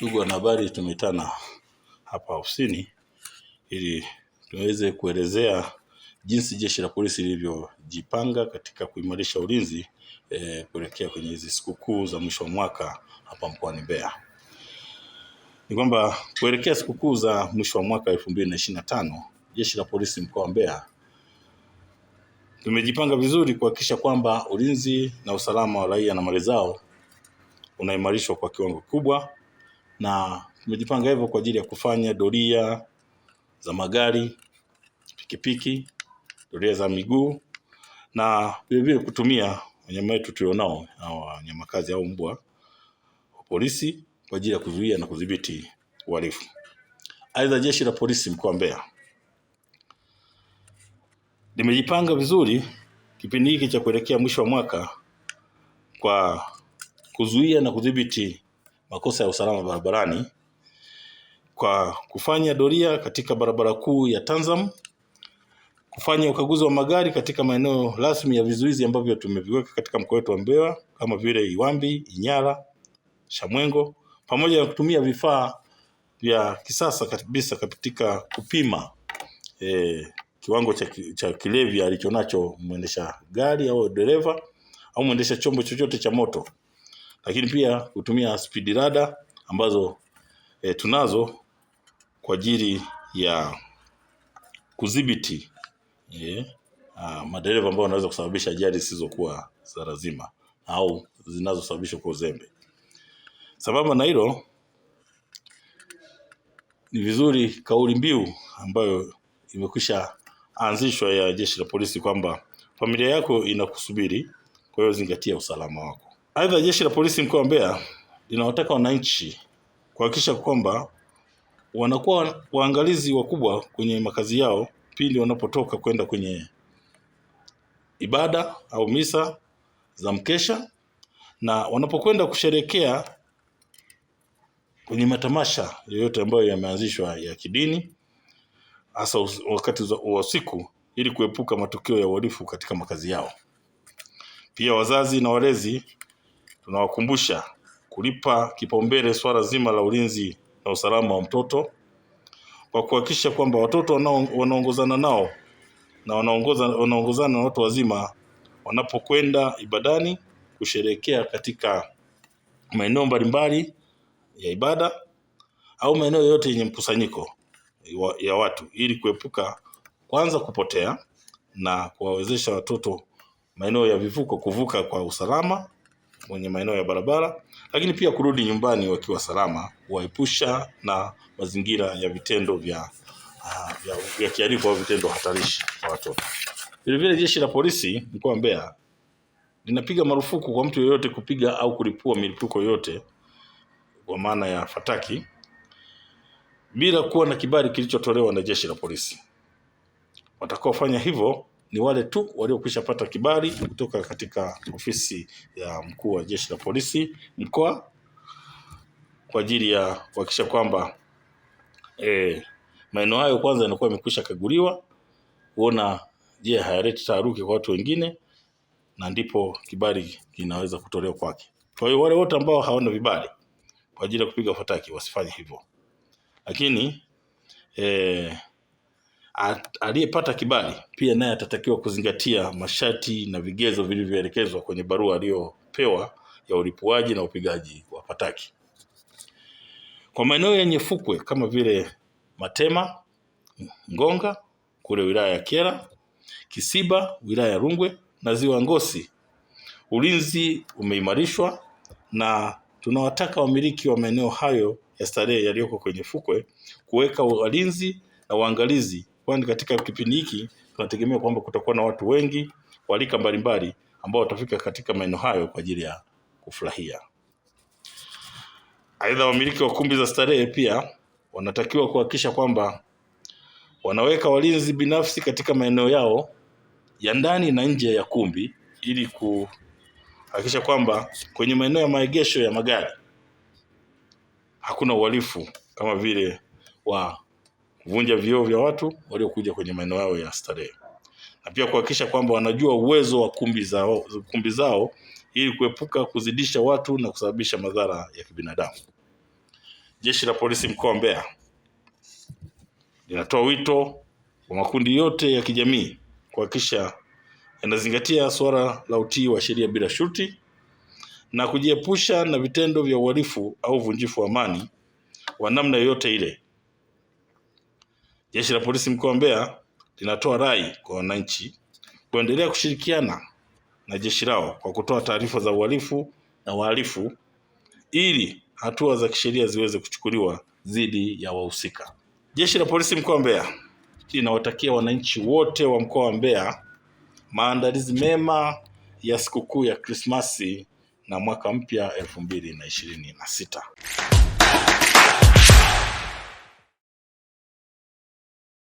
Ndugu wanahabari, tumetana hapa ofisini ili tuweze kuelezea jinsi jeshi la polisi lilivyojipanga katika kuimarisha ulinzi e, kuelekea kwenye hizi sikukuu za mwisho wa mwaka hapa mkoani Mbeya. Ni kwamba kuelekea sikukuu za mwisho wa mwaka elfu mbili na ishirini na tano jeshi la polisi mkoa wa Mbeya tumejipanga vizuri kuhakikisha kwamba ulinzi na usalama wa raia na mali zao unaimarishwa kwa kiwango kikubwa na tumejipanga hivyo kwa ajili ya kufanya doria za magari, pikipiki, doria za miguu na vilevile kutumia wanyama wetu tulionao wanyama kazi au mbwa wa polisi kwa ajili ya kuzuia na kudhibiti uhalifu. Aidha, jeshi la polisi mkoa wa Mbeya limejipanga vizuri kipindi hiki cha kuelekea mwisho wa mwaka kwa kuzuia na kudhibiti makosa ya usalama barabarani kwa kufanya doria katika barabara kuu ya Tanzam, kufanya ukaguzi wa magari katika maeneo rasmi ya vizuizi ambavyo tumeviweka katika mkoa wetu wa Mbeya kama vile Iwambi, Inyala, Shamwengo, pamoja na kutumia vifaa vya kisasa kabisa katika kupima e, kiwango cha, cha kilevi alichonacho mwendesha gari au dereva au mwendesha chombo chochote cha moto lakini pia kutumia speed radar ambazo e, tunazo kwa ajili ya kudhibiti e, madereva ambao wanaweza kusababisha ajali zisizokuwa za lazima au zinazosababishwa kwa uzembe. Sambamba na hilo, ni vizuri kauli mbiu ambayo imekwisha anzishwa ya Jeshi la Polisi kwamba familia yako inakusubiri, kwa hiyo zingatia usalama wako. Aidha, jeshi la polisi mkoa wa Mbeya linawataka wananchi kuhakikisha kwamba wanakuwa waangalizi wakubwa kwenye makazi yao pindi wanapotoka kwenda kwenye ibada au misa za mkesha na wanapokwenda kusherekea kwenye matamasha yoyote ambayo yameanzishwa ya kidini, hasa wakati wa usiku, ili kuepuka matukio ya uhalifu katika makazi yao. Pia wazazi na walezi tunawakumbusha kulipa kipaumbele swala zima la ulinzi na usalama wa mtoto kwa kuhakikisha kwamba watoto wanaongozana nao na wanaongozana na watu wazima wanapokwenda ibadani kusherekea katika maeneo mbalimbali ya ibada au maeneo yote yenye mkusanyiko ya watu, ili kuepuka kwanza kupotea na kuwawezesha watoto maeneo ya vivuko kuvuka kwa usalama kwenye maeneo ya barabara, lakini pia kurudi nyumbani wakiwa salama, huwaepusha na mazingira ya vitendo vya ah, vya, vya kihalifu au vitendo hatarishi kwa watoto. Vilevile jeshi la polisi mkoa wa Mbeya linapiga marufuku kwa mtu yeyote kupiga au kulipua milipuko yoyote kwa maana ya fataki bila kuwa na kibali kilichotolewa na jeshi la polisi. Watakaofanya hivyo ni wale tu waliokwisha pata kibali kutoka katika ofisi ya mkuu wa jeshi la polisi mkoa kwa ajili ya kuhakikisha kwamba e, maeneo hayo kwanza yanakuwa yamekwisha kaguliwa kuona je, hayaleti taharuki kwa watu wengine, na ndipo kibali kinaweza kutolewa kwake. Kwa hiyo wale wote ambao hawana vibali kwa ajili ya kupiga fataki wasifanye hivyo, lakini e, Aliyepata kibali pia naye atatakiwa kuzingatia masharti na vigezo vilivyoelekezwa kwenye barua aliyopewa ya ulipuaji na upigaji wa pataki Kwa maeneo yenye fukwe kama vile Matema, Ngonga kule wilaya ya Kyela, Kisiba wilaya ya Rungwe na Ziwa Ngosi, ulinzi umeimarishwa na tunawataka wamiliki wa maeneo hayo ya starehe yaliyoko kwenye fukwe kuweka walinzi na uangalizi kwani katika kipindi hiki tunategemea kwamba kutakuwa na watu wengi walika mbalimbali ambao watafika katika maeneo hayo kwa ajili ya kufurahia. Aidha, wamiliki wa kumbi za starehe pia wanatakiwa kuhakikisha kwamba wanaweka walinzi binafsi katika maeneo yao ya ndani na nje ya kumbi ili kuhakikisha kwamba kwenye maeneo ya maegesho ya magari hakuna uhalifu kama vile wa kuvunja vioo vya watu waliokuja kwenye maeneo yao ya starehe na pia kuhakikisha kwamba wanajua uwezo wa kumbi zao, kumbi zao ili kuepuka kuzidisha watu na kusababisha madhara ya kibinadamu. Jeshi la Polisi mkoa wa Mbeya linatoa wito kwa makundi yote ya kijamii kuhakikisha yanazingatia suala la utii wa sheria bila shuti na kujiepusha na vitendo vya uhalifu au uvunjifu wa amani wa namna yoyote ile Jeshi la Polisi mkoa wa Mbeya linatoa rai kwa wananchi kuendelea kushirikiana na jeshi lao kwa kutoa taarifa za uhalifu na wahalifu ili hatua za kisheria ziweze kuchukuliwa dhidi ya wahusika. Jeshi la Polisi mkoa wa Mbeya linawatakia wananchi wote wa mkoa wa Mbeya maandalizi mema ya sikukuu ya Krismasi na mwaka mpya elfu mbili na ishirini na sita.